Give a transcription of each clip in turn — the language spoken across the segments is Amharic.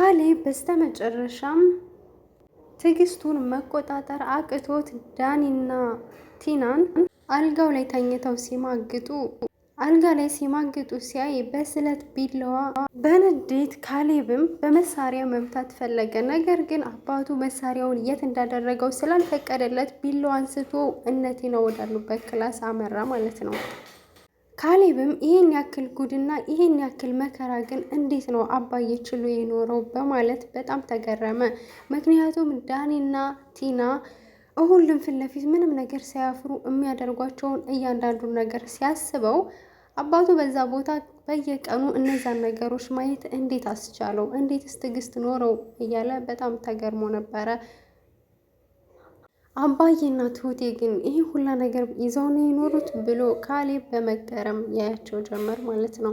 ካሌብ በስተመጨረሻም ትዕግስቱን መቆጣጠር አቅቶት ዳኒና ቲናን አልጋው ላይ ተኝተው ሲማግጡ አልጋ ላይ ሲማግጡ ሲያይ በስለት ቢላዋ በንዴት ካሌብም በመሳሪያ መምታት ፈለገ። ነገር ግን አባቱ መሳሪያውን የት እንዳደረገው ስላልፈቀደለት ቢላዋ አንስቶ ነው ወዳሉበት ክላስ አመራ ማለት ነው። ካሌብም ይህን ያክል ጉድና ይህን ያክል መከራ ግን እንዴት ነው አባዬ ችሎ የኖረው በማለት በጣም ተገረመ። ምክንያቱም ዳኒና ቲና ሁሉም ፊት ለፊት ምንም ነገር ሳያፍሩ የሚያደርጓቸውን እያንዳንዱን ነገር ሲያስበው አባቱ በዛ ቦታ በየቀኑ እነዛን ነገሮች ማየት እንዴት አስቻለው? እንዴትስ ትዕግስት ኖረው? እያለ በጣም ተገርሞ ነበረ። አባዬና ትሁቴ ግን ይህ ሁላ ነገር ይዘው ነው የኖሩት ብሎ ካሌብ በመገረም ያያቸው ጀመር ማለት ነው።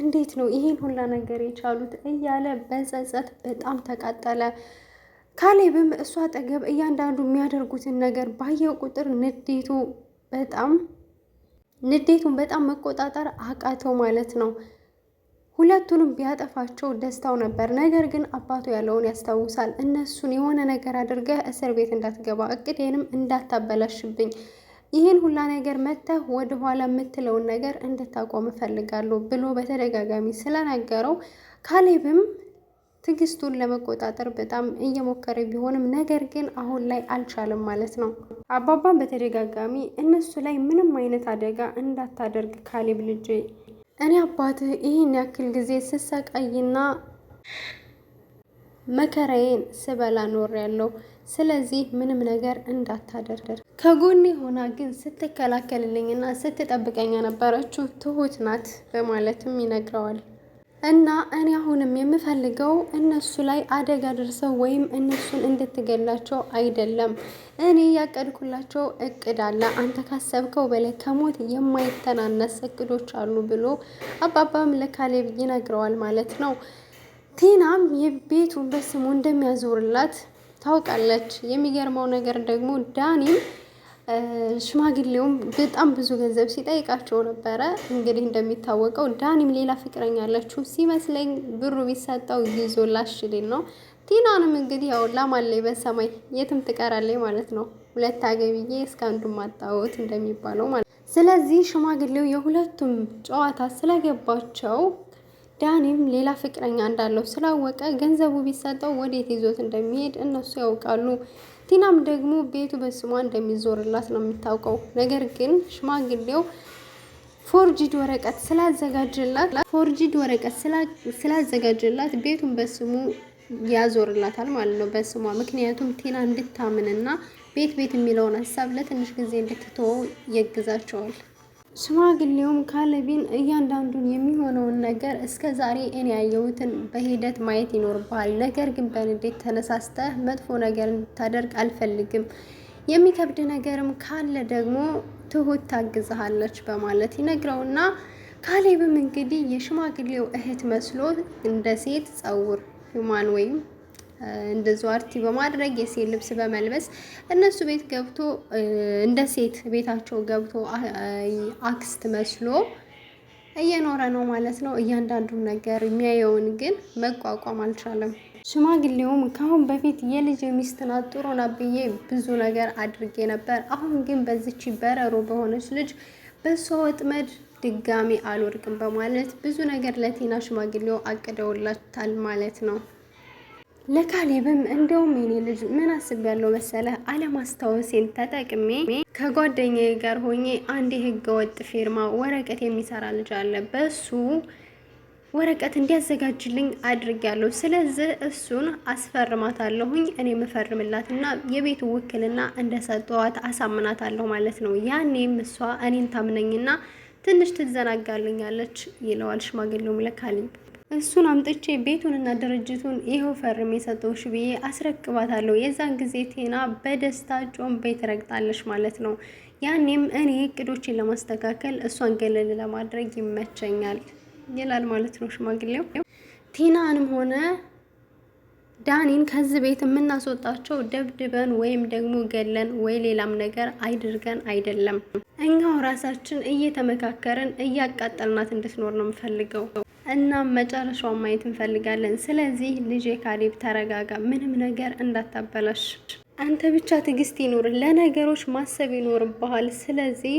እንዴት ነው ይህን ሁላ ነገር የቻሉት እያለ በጸጸት በጣም ተቃጠለ። ካሌብም እሱ አጠገብ እያንዳንዱ የሚያደርጉትን ነገር ባየው ቁጥር ንዴቱ በጣም ንዴቱን በጣም መቆጣጠር አቃተው ማለት ነው። ሁለቱንም ቢያጠፋቸው ደስታው ነበር። ነገር ግን አባቱ ያለውን ያስታውሳል። እነሱን የሆነ ነገር አድርገህ እስር ቤት እንዳትገባ፣ እቅዴንም እንዳታበላሽብኝ፣ ይህን ሁላ ነገር መተህ ወደኋላ የምትለውን ነገር እንድታቆም እፈልጋለሁ ብሎ በተደጋጋሚ ስለነገረው ካሌብም ትዕግስቱን ለመቆጣጠር በጣም እየሞከረ ቢሆንም ነገር ግን አሁን ላይ አልቻለም ማለት ነው። አባባን በተደጋጋሚ እነሱ ላይ ምንም አይነት አደጋ እንዳታደርግ ካሌብ ልጄ እኔ አባትህ ይህን ያክል ጊዜ ስሰቃይና መከራዬን ስበላ ያለው ስለዚህ ምንም ነገር እንዳታደርደር። ከጎኔ ሆና ግን ስትከላከልልኝና ስትጠብቀኝ የነበረችው ትሁት ናት በማለትም ይነግረዋል። እና እኔ አሁንም የምፈልገው እነሱ ላይ አደጋ ደርሰው ወይም እነሱን እንድትገላቸው አይደለም። እኔ ያቀድኩላቸው እቅድ አለ። አንተ ካሰብከው በላይ ከሞት የማይተናነስ እቅዶች አሉ ብሎ አባባም ለካሌብ ይነግረዋል ማለት ነው። ቲናም የቤቱን በስሙ እንደሚያዞርላት ታውቃለች። የሚገርመው ነገር ደግሞ ዳኒም ሽማግሌውም በጣም ብዙ ገንዘብ ሲጠይቃቸው ነበረ። እንግዲህ እንደሚታወቀው ዳኒም ሌላ ፍቅረኛ አለችው ሲመስለኝ ብሩ ቢሰጠው ይዞ ላሽልን ነው። ቲናንም እንግዲህ ያው ላማለይ በሰማይ የትም ትቀራለይ ማለት ነው። ሁለት አገብዬ እስከ አንዱ ማጣወት እንደሚባለው ማለት ስለዚህ ሽማግሌው የሁለቱም ጨዋታ ስለገባቸው ዳኒም ሌላ ፍቅረኛ እንዳለው ስላወቀ ገንዘቡ ቢሰጠው ወዴት ይዞት እንደሚሄድ እነሱ ያውቃሉ። ቲናም ደግሞ ቤቱ በስሟ እንደሚዞርላት ነው የሚታውቀው። ነገር ግን ሽማግሌው ፎርጂድ ወረቀት ስላዘጋጀላት ፎርጂድ ወረቀት ስላዘጋጀላት ቤቱን በስሙ ያዞርላታል ማለት ነው በስሟ ምክንያቱም ቲና እንድታምንና ቤት ቤት የሚለውን ሀሳብ ለትንሽ ጊዜ እንድትተወው ያግዛቸዋል። ሽማግሌውም ካለቢን እያንዳንዱን የሚሆነውን ነገር እስከ ዛሬ እኔ ያየሁትን በሂደት ማየት ይኖርብሃል። ነገር ግን በንዴት ተነሳስተህ መጥፎ ነገር እንድታደርግ አልፈልግም። የሚከብድ ነገርም ካለ ደግሞ ትሁት ታግዝሃለች በማለት ይነግረውና ካሌብም እንግዲህ የሽማግሌው እህት መስሎ እንደ ሴት ጸውር ሁማን ወይም እንደዚ አርቲ በማድረግ የሴት ልብስ በመልበስ እነሱ ቤት ገብቶ እንደ ሴት ቤታቸው ገብቶ አክስት መስሎ እየኖረ ነው ማለት ነው። እያንዳንዱን ነገር የሚያየውን ግን መቋቋም አልቻለም። ሽማግሌውም ከአሁን በፊት የልጅ ሚስት ናት ጥሩ ናት ብዬ ብዙ ነገር አድርጌ ነበር። አሁን ግን በዚች በረሮ በሆነች ልጅ በእሷ ወጥመድ ድጋሚ አልወድቅም በማለት ብዙ ነገር ለቴና ሽማግሌው አቅደውላታል ማለት ነው። ለካሌብም እንደውም የኔ ልጅ ምን አስብ ያለው መሰለህ፣ አለማስታወሴን ተጠቅሜ ከጓደኛዬ ጋር ሆኜ አንድ የህገ ወጥ ፊርማ ወረቀት የሚሰራ ልጅ አለ፣ በሱ ወረቀት እንዲያዘጋጅልኝ አድርጊያለሁ። ስለዚህ እሱን አስፈርማታለሁኝ እኔ የምፈርምላትና የቤቱ ውክልና እንደሰጠዋት አሳምናታለሁ ማለት ነው። ያኔም እሷ እኔን ታምነኝና ትንሽ ትዘናጋልኛለች ይለዋል ሽማግሌውም ለካሌብ እሱን አምጥቼ ቤቱንና ድርጅቱን ይኸው ፈርሜ ሰጠሁሽ ብዬ አስረክባታለሁ። የዛን ጊዜ ቴና በደስታ ቤት ረግጣለች ማለት ነው። ያኔም እኔ እቅዶችን ለማስተካከል እሷን ገለል ለማድረግ ይመቸኛል ይላል ማለት ነው ሽማግሌው። ቴናንም ሆነ ዳኒን ከዚህ ቤት የምናስወጣቸው ደብድበን ወይም ደግሞ ገለን ወይ ሌላም ነገር አይድርገን አይደለም። እኛው ራሳችን እየተመካከርን እያቃጠልናት እንድትኖር ነው የምፈልገው። እና መጨረሻውን ማየት እንፈልጋለን። ስለዚህ ልጄ ካሌብ ተረጋጋ፣ ምንም ነገር እንዳታበላሽ። አንተ ብቻ ትዕግስት ይኑር፣ ለነገሮች ማሰብ ይኖርብሃል። ስለዚህ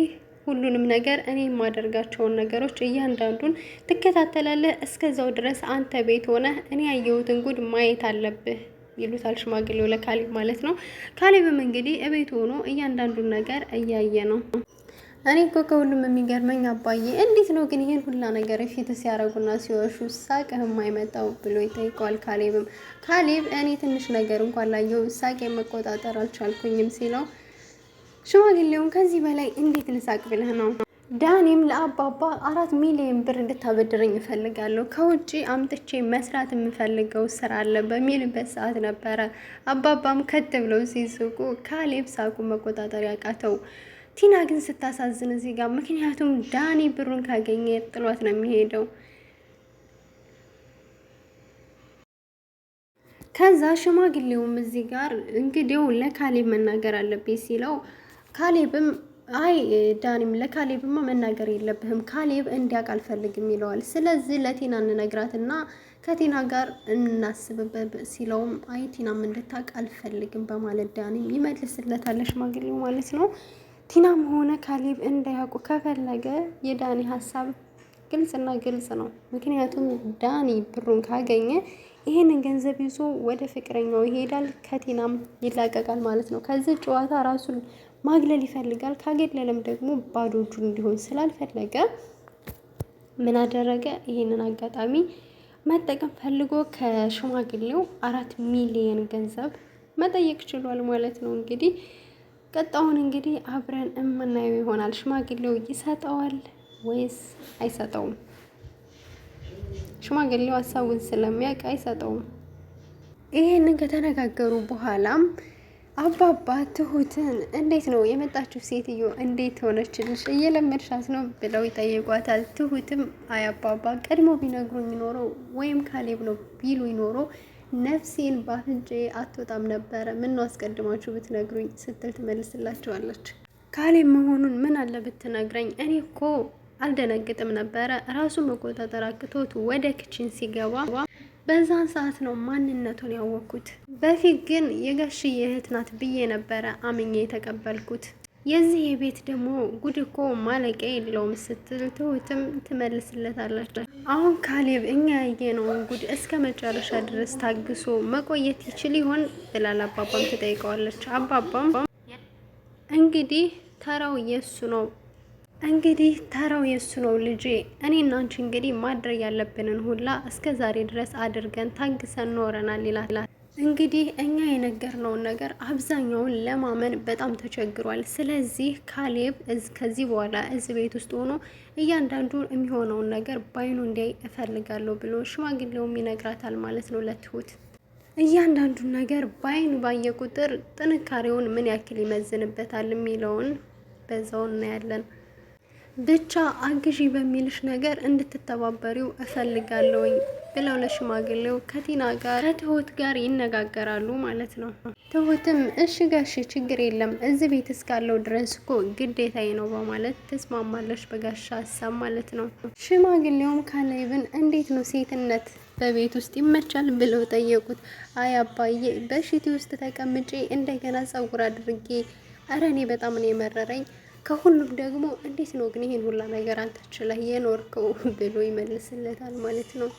ሁሉንም ነገር እኔ የማደርጋቸውን ነገሮች እያንዳንዱን ትከታተላለህ። እስከዛው ድረስ አንተ ቤት ሆነህ እኔ ያየሁትን ጉድ ማየት አለብህ ይሉታል ሽማግሌው ለካሌብ ማለት ነው። ካሌብም እንግዲህ እቤት ሆኖ እያንዳንዱን ነገር እያየ ነው። እኔ እኮ ከሁሉም የሚገርመኝ አባዬ እንዴት ነው ግን ይሄን ሁላ ነገር ፊት ሲያደርጉና ሲወሹ ሳቅህ የማይመጣው ብሎ ይጠይቀዋል። ካሌብም ካሌብ እኔ ትንሽ ነገር እንኳን ላየው ሳቄ መቆጣጠር አልቻልኩኝም ሲለው ሽማግሌውን ከዚህ በላይ እንዴት ልሳቅ ብለህ ነው? ዳኔም ለአባባ አራት ሚሊዮን ብር እንድታበድረኝ እፈልጋለሁ ከውጭ አምጥቼ መስራት የምፈልገው ስራ አለ በሚልበት ሰዓት ነበረ። አባባም ከት ብለው ሲስቁ ካሌብ ሳቁ መቆጣጠር ያቃተው። ቲና ግን ስታሳዝን እዚህ ጋር ምክንያቱም ዳኒ ብሩን ካገኘ ጥሏት ነው የሚሄደው። ከዛ ሽማግሌውም እዚህ ጋር እንግዲው ለካሌብ መናገር አለብኝ ሲለው ካሌብም አይ ዳኒም ለካሌብማ መናገር የለብህም ካሌብ እንዲያውቅ አልፈልግም ይለዋል። ስለዚህ ለቲና እንነግራትና ከቲና ጋር እናስብበት ሲለውም አይ ቲናም እንድታውቅ አልፈልግም በማለት ዳኒም ይመልስለታል፣ ሽማግሌው ማለት ነው። ቲናም ሆነ ካሌብ እንዳያውቁ ከፈለገ የዳኒ ሀሳብ ግልጽና ግልጽ ነው። ምክንያቱም ዳኒ ብሩን ካገኘ ይህንን ገንዘብ ይዞ ወደ ፍቅረኛው ይሄዳል፣ ከቲናም ይላቀቃል ማለት ነው። ከዚህ ጨዋታ ራሱን ማግለል ይፈልጋል። ካገለለም ደግሞ ባዶ እንዲሆን ስላልፈለገ ምን አደረገ? ይህንን አጋጣሚ መጠቀም ፈልጎ ከሽማግሌው አራት ሚሊየን ገንዘብ መጠየቅ ችሏል ማለት ነው እንግዲህ ቀጣውን እንግዲህ አብረን የምናየው ይሆናል። ሽማግሌው ይሰጠዋል ወይስ አይሰጠውም? ሽማግሌው ሀሳቡን ስለሚያውቅ አይሰጠውም። ይህንን ከተነጋገሩ በኋላም አባባ ትሁትን እንዴት ነው የመጣችው ሴትዮ እንዴት ሆነችልሽ? እየለመድሻት ነው ብለው ይጠይቋታል። ትሁትም አይ አባባ ቀድሞ ቢነግሩኝ ኖሮ ወይም ካሌብ ነው ቢሉኝ ኖሮ ነፍሴን ባፍንጬ አትወጣም ነበረ፣ ነው አስቀድማችሁ ብትነግሩኝ ስትል ትመልስላችኋለች። ካሌ መሆኑን ምን አለ ብትነግረኝ፣ እኔ እኮ አልደነግጥም ነበረ። ራሱ መቆጣጠር አቅቶት ወደ ክችን ሲገባ በዛን ሰዓት ነው ማንነቱን ያወቅኩት። በፊት ግን የጋሽዬ እህት ናት ብዬ ነበረ አምኜ የተቀበልኩት። የዚህ የቤት ደግሞ ጉድ እኮ ማለቂያ የለውም ስትል ትሁትም ትመልስለታለች። አሁን ካሌብ እኛ ያየነውን ጉድ እስከ መጨረሻ ድረስ ታግሶ መቆየት ይችል ይሆን ብላል አባባም ትጠይቀዋለች። አባባም እንግዲህ ተራው የሱ ነው እንግዲህ ተራው የሱ ነው ልጄ። እኔና አንቺ እንግዲህ ማድረግ ያለብንን ሁላ እስከ ዛሬ ድረስ አድርገን ታግሰን ኖረናል ይላል። እንግዲህ እኛ የነገርነውን ነገር አብዛኛውን ለማመን በጣም ተቸግሯል። ስለዚህ ካሌብ ከዚህ በኋላ እዚ ቤት ውስጥ ሆኖ እያንዳንዱ የሚሆነውን ነገር በአይኑ እንዲያይ እፈልጋለሁ ብሎ ሽማግሌውም ይነግራታል ማለት ነው ለትሁት። እያንዳንዱን ነገር በአይን ባየ ቁጥር ጥንካሬውን ምን ያክል ይመዝንበታል የሚለውን በዛው እናያለን። ብቻ አግዢ በሚልሽ ነገር እንድትተባበሪው እፈልጋለሁኝ ብለው ለሽማግሌው ከቲና ጋር ከትሁት ጋር ይነጋገራሉ ማለት ነው። ትሁትም እሺ ጋሽ ችግር የለም እዚህ ቤት እስካለው ድረስ እኮ ግዴታዬ ነው በማለት ተስማማለች በጋሻ ሀሳብ ማለት ነው። ሽማግሌውም ካሌብን እንዴት ነው ሴትነት በቤት ውስጥ ይመቻል ብለው ጠየቁት። አይ አባዬ በሽቲ ውስጥ ተቀምጬ እንደገና ጸጉር አድርጌ እረ እኔ በጣም ነው የመረረኝ ከሁሉም ደግሞ እንዴት ነው ግን ይሄን ሁላ ነገር አንተች ላይ የኖርከው ብሎ ይመልስለታል ማለት ነው።